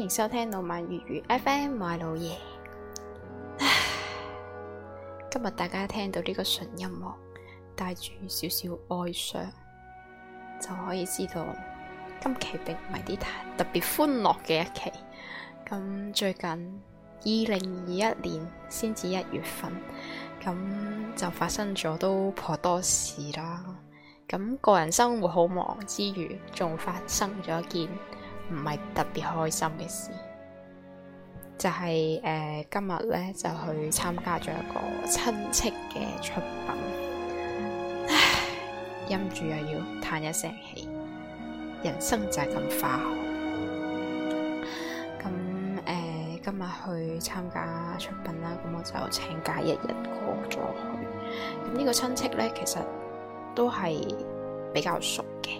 歡迎收聽老萬粵語 FM，我係老爺。今日大家聽到呢個純音樂，帶住少少哀傷，就可以知道今期並唔係啲特別歡樂嘅一期。咁最近二零二一年先至一月份，咁就發生咗都頗多事啦。咁個人生活好忙之餘，仲發生咗一件。唔係特別開心嘅事，就係、是、誒、呃、今日咧就去參加咗一個親戚嘅出殯。唉，陰住又要嘆一聲氣，人生就係咁化。咁誒、呃、今日去參加出殯啦，咁我就請假一日過咗去。咁呢個親戚咧其實都係比較熟嘅。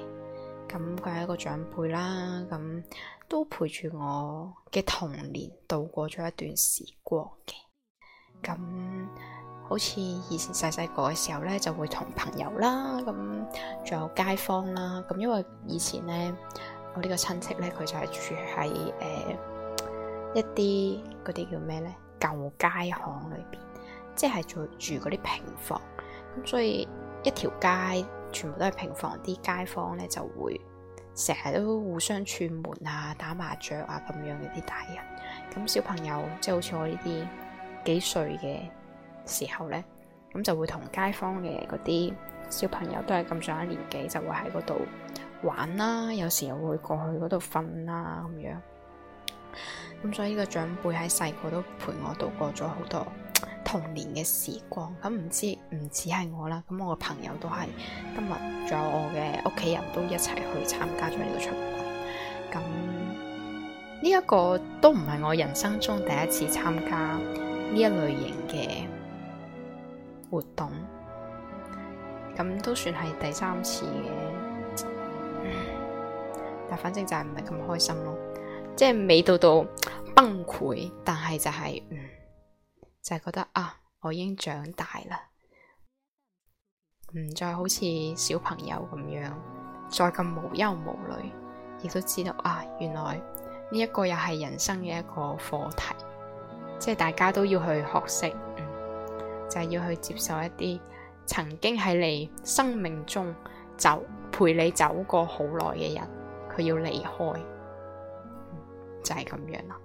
咁佢係一個長輩啦，咁都陪住我嘅童年度過咗一段時光嘅。咁好似以前細細個嘅時候咧，就會同朋友啦，咁仲有街坊啦。咁因為以前咧，我呢個親戚咧，佢就係住喺誒、呃、一啲嗰啲叫咩咧舊街巷裏邊，即係住住嗰啲平房，咁所以一條街。全部都係平房，啲街坊咧就會成日都互相串門啊、打麻雀啊咁樣嘅啲大人。咁小朋友即係、就是、好似我呢啲幾歲嘅時候咧，咁就會同街坊嘅嗰啲小朋友都係咁上下年紀，就會喺嗰度玩啦、啊，有時又會過去嗰度瞓啦咁樣。咁所以呢個長輩喺細個都陪我度過咗好多童年嘅時光，咁唔知唔止係我啦，咁我嘅朋友都係今日，仲有我嘅屋企人都一齊去參加咗呢個出殯。咁呢一個都唔係我人生中第一次參加呢一類型嘅活動，咁都算係第三次嘅、嗯。但反正就係唔係咁開心咯，即係未到到崩潰，但係就係、是、嗯。就係覺得啊，我已經長大啦，唔再好似小朋友咁樣，再咁無憂無慮，亦都知道啊，原來呢一個又係人生嘅一個課題，即係大家都要去學識，嗯、就係、是、要去接受一啲曾經喺你生命中走陪你走過好耐嘅人，佢要離開，嗯、就係、是、咁樣啦。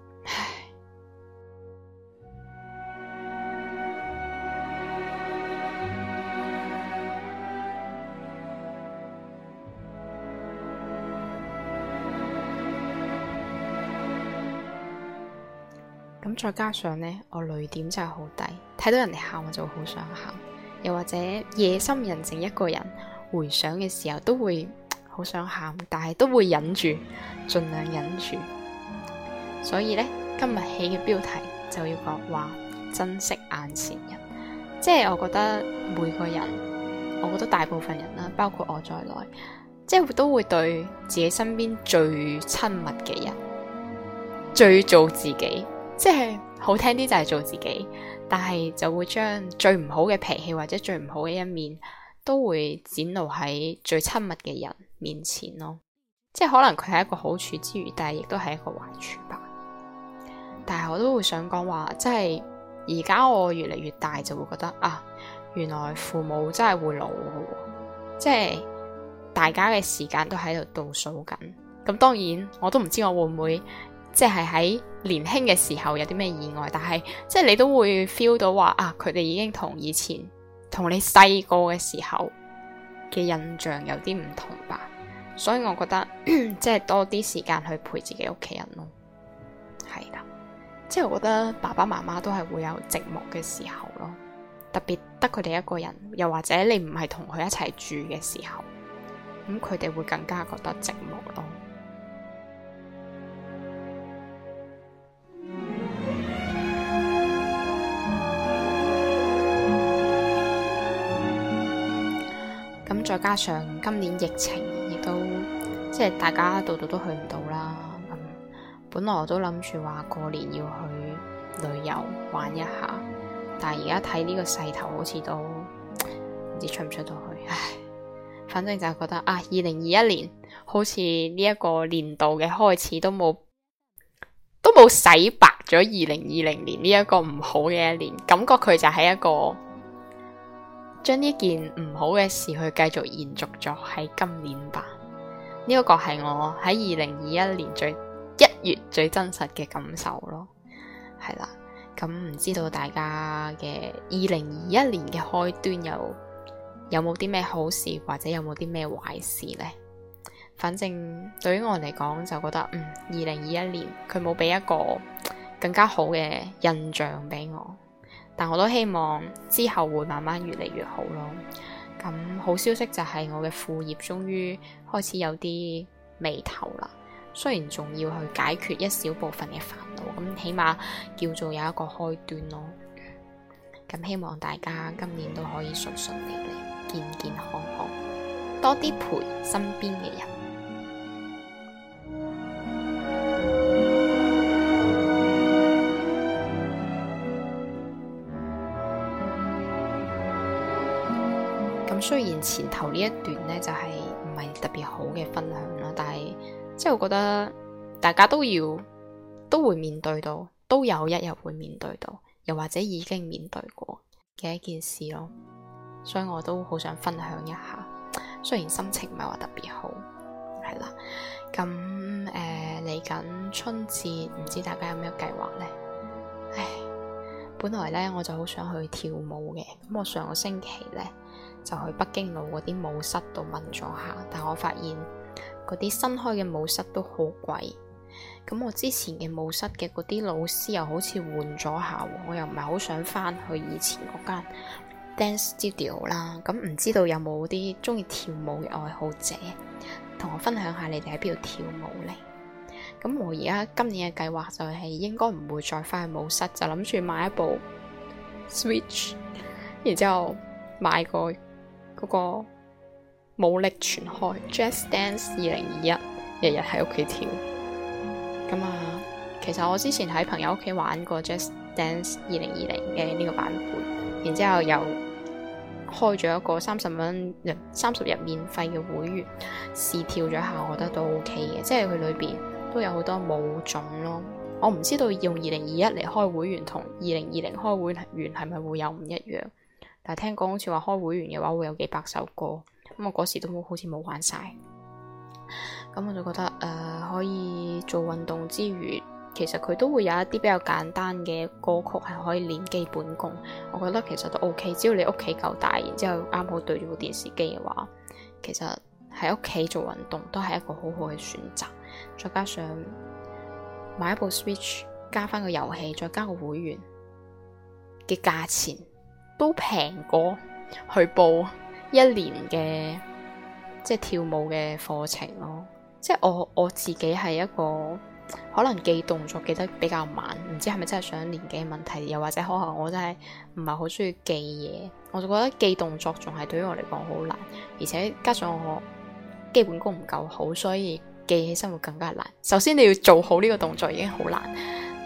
再加上呢，我淚點真係好低，睇到人哋喊我就好想喊，又或者夜深人靜一個人回想嘅時候，都會好想喊，但係都會忍住，盡量忍住。所以呢，今日起嘅標題就要講話珍惜眼前人，即係我覺得每個人，我覺得大部分人啦，包括我在內，即係都會對自己身邊最親密嘅人，最做自己。即係好聽啲就係做自己，但係就會將最唔好嘅脾氣或者最唔好嘅一面都會展露喺最親密嘅人面前咯。即係可能佢係一個好處之餘，但係亦都係一個壞處吧。但係我都會想講話，即係而家我越嚟越大就會覺得啊，原來父母真係會老嘅，即係大家嘅時間都喺度倒數緊。咁當然我都唔知我會唔會。即係喺年輕嘅時候有啲咩意外，但係即係你都會 feel 到話啊，佢哋已經同以前同你細個嘅時候嘅印象有啲唔同吧。所以我覺得即係多啲時間去陪自己屋企人咯，係啦。即係我覺得爸爸媽媽都係會有寂寞嘅時候咯，特別得佢哋一個人，又或者你唔係同佢一齊住嘅時候，咁佢哋會更加覺得寂寞咯。再加上今年疫情，亦都即係大家度度都去唔到啦。咁、嗯、本來我都諗住話過年要去旅遊玩一下，但係而家睇呢個勢頭好，好似都唔知出唔出到去。唉，反正就係覺得啊，二零二一年好似呢一個年度嘅開始都冇，都冇洗白咗二零二零年呢一個唔好嘅一年，感覺佢就係一個。將呢件唔好嘅事去繼續延續咗喺今年吧，呢、這、一個係我喺二零二一年最一月最真實嘅感受咯，係啦，咁、嗯、唔知道大家嘅二零二一年嘅開端又有有冇啲咩好事或者有冇啲咩壞事呢？反正對於我嚟講就覺得，嗯，二零二一年佢冇俾一個更加好嘅印象俾我。但我都希望之後會慢慢越嚟越好咯。咁好消息就係我嘅副業終於開始有啲眉頭啦，雖然仲要去解決一小部分嘅煩惱，咁起碼叫做有一個開端咯。咁希望大家今年都可以順順利利、健健康康，多啲陪身邊嘅人。雖然前頭呢一段呢就係唔係特別好嘅分享啦，但係即係我覺得大家都要都會面對到，都有一日會面對到，又或者已經面對過嘅一件事咯，所以我都好想分享一下。雖然心情唔係話特別好，係啦，咁誒嚟緊春節，唔知大家有咩計劃呢？本來咧，我就好想去跳舞嘅。咁我上個星期咧，就去北京路嗰啲舞室度問咗下，但我發現嗰啲新開嘅舞室都好貴。咁我之前嘅舞室嘅嗰啲老師又好似換咗下，我又唔係好想翻去以前嗰間 dance studio 啦。咁唔知道有冇啲中意跳舞嘅愛好者，同我分享下你哋喺邊度跳舞咧？咁我而家今年嘅計劃就係應該唔會再翻去舞室，就諗住買一部 Switch，然之後買個嗰個舞力全開 Just Dance 二零二一，日日喺屋企跳。咁啊，其實我之前喺朋友屋企玩過 Just Dance 二零二零嘅呢個版本，然之後又開咗一個三十蚊、三十日免費嘅會員試跳咗一下，我覺得都 OK 嘅，即係佢裏邊。都有好多舞種咯，我唔知道用二零二一嚟開會員同二零二零開會員係咪會有唔一樣，但係聽講好似話開會員嘅話會有幾百首歌，咁我嗰時都冇，好似冇玩晒，咁我就覺得誒、呃、可以做運動之餘，其實佢都會有一啲比較簡單嘅歌曲係可以練基本功，我覺得其實都 OK，只要你屋企夠大，然之後啱好對住部電視機嘅話，其實喺屋企做運動都係一個好好嘅選擇。再加上買一部 Switch，加翻個遊戲，再加個會員嘅價錢都平過去報一年嘅即係跳舞嘅課程咯。即係我我自己係一個可能記動作記得比較慢，唔知係咪真係上年紀嘅問題，又或者可能我真係唔係好鍾意記嘢。我就覺得記動作仲係對於我嚟講好難，而且加上我基本功唔夠好，所以，記起身會更加難。首先你要做好呢個動作已經好難，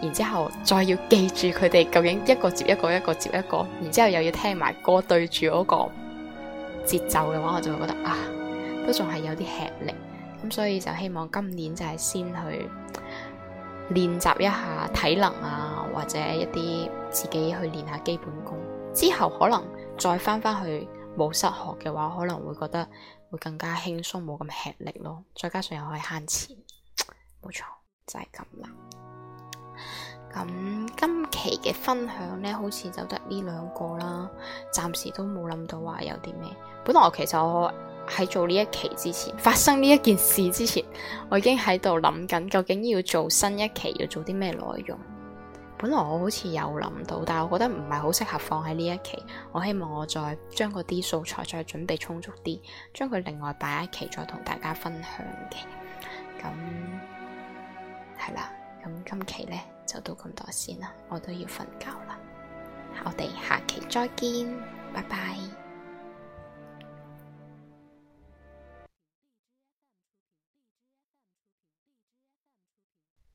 然之後再要記住佢哋究竟一個接一個，一個接一個，然之後又要聽埋歌對住嗰個節奏嘅話，我就會覺得啊，都仲係有啲吃力。咁所以就希望今年就係先去練習一下體能啊，或者一啲自己去練下基本功。之後可能再翻翻去舞室學嘅話，可能會覺得。會更加輕鬆，冇咁吃力咯。再加上又可以慳錢，冇錯，就係咁啦。咁今期嘅分享呢，好似就得呢兩個啦。暫時都冇諗到話有啲咩。本來我其實我喺做呢一期之前，發生呢一件事之前，我已經喺度諗緊究竟要做新一期，要做啲咩內容。本來我好似有諗到，但係我覺得唔係好適合放喺呢一期。我希望我再將嗰啲素材再準備充足啲，將佢另外擺一期再同大家分享嘅。咁係啦，咁今期咧就到咁多先啦，我都要瞓覺啦。我哋下期再見，拜拜。